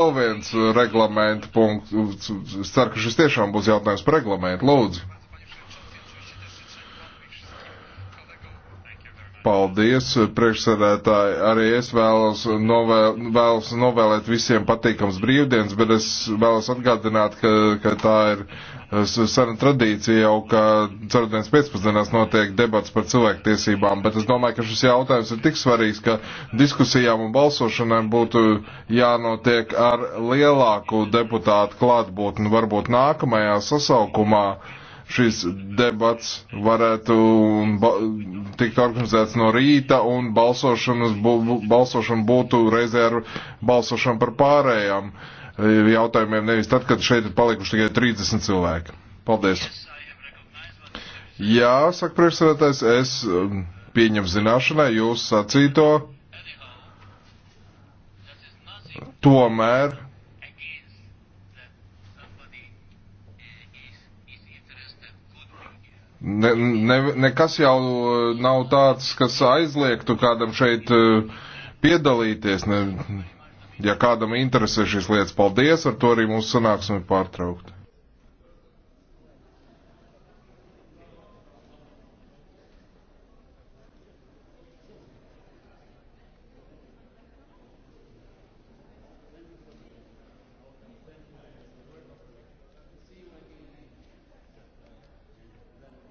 Vēl viens eh, reglamenta punkts. Es ceru, ka šis tiešām būs jautājums par reglamentu. Lūdzu. Paldies, eh, priekšsēdētāji. Arī es vēlos, novēl, vēlos novēlēt visiem patīkams brīvdienas, bet es vēlos atgādināt, ka, ka tā ir eh, sena tradīcija jau, ka ceturtdienas pēcpusdienās notiek debats par cilvēktiesībām, bet es domāju, ka šis jautājums ir tik svarīgs, ka diskusijām un balsošanai būtu jānotiek ar lielāku deputātu klātbūtni varbūt nākamajā sasaukumā šis debats varētu tikt organizēts no rīta un balsošanas, balsošana būtu reizē ar balsošanu par pārējām e, jautājumiem, nevis tad, kad šeit ir palikuši tikai 30 cilvēki. Paldies. Jā, saka priekšsēdētājs, es um, pieņem zināšanai jūs sacīto. Tomēr Ne, ne, nekas jau eh, nav tāds, kas aizliegtu kādam šeit eh, piedalīties. Ne, ja kādam interesē šīs lietas, paldies, ar to arī mūsu sanāksmi pārtraukta.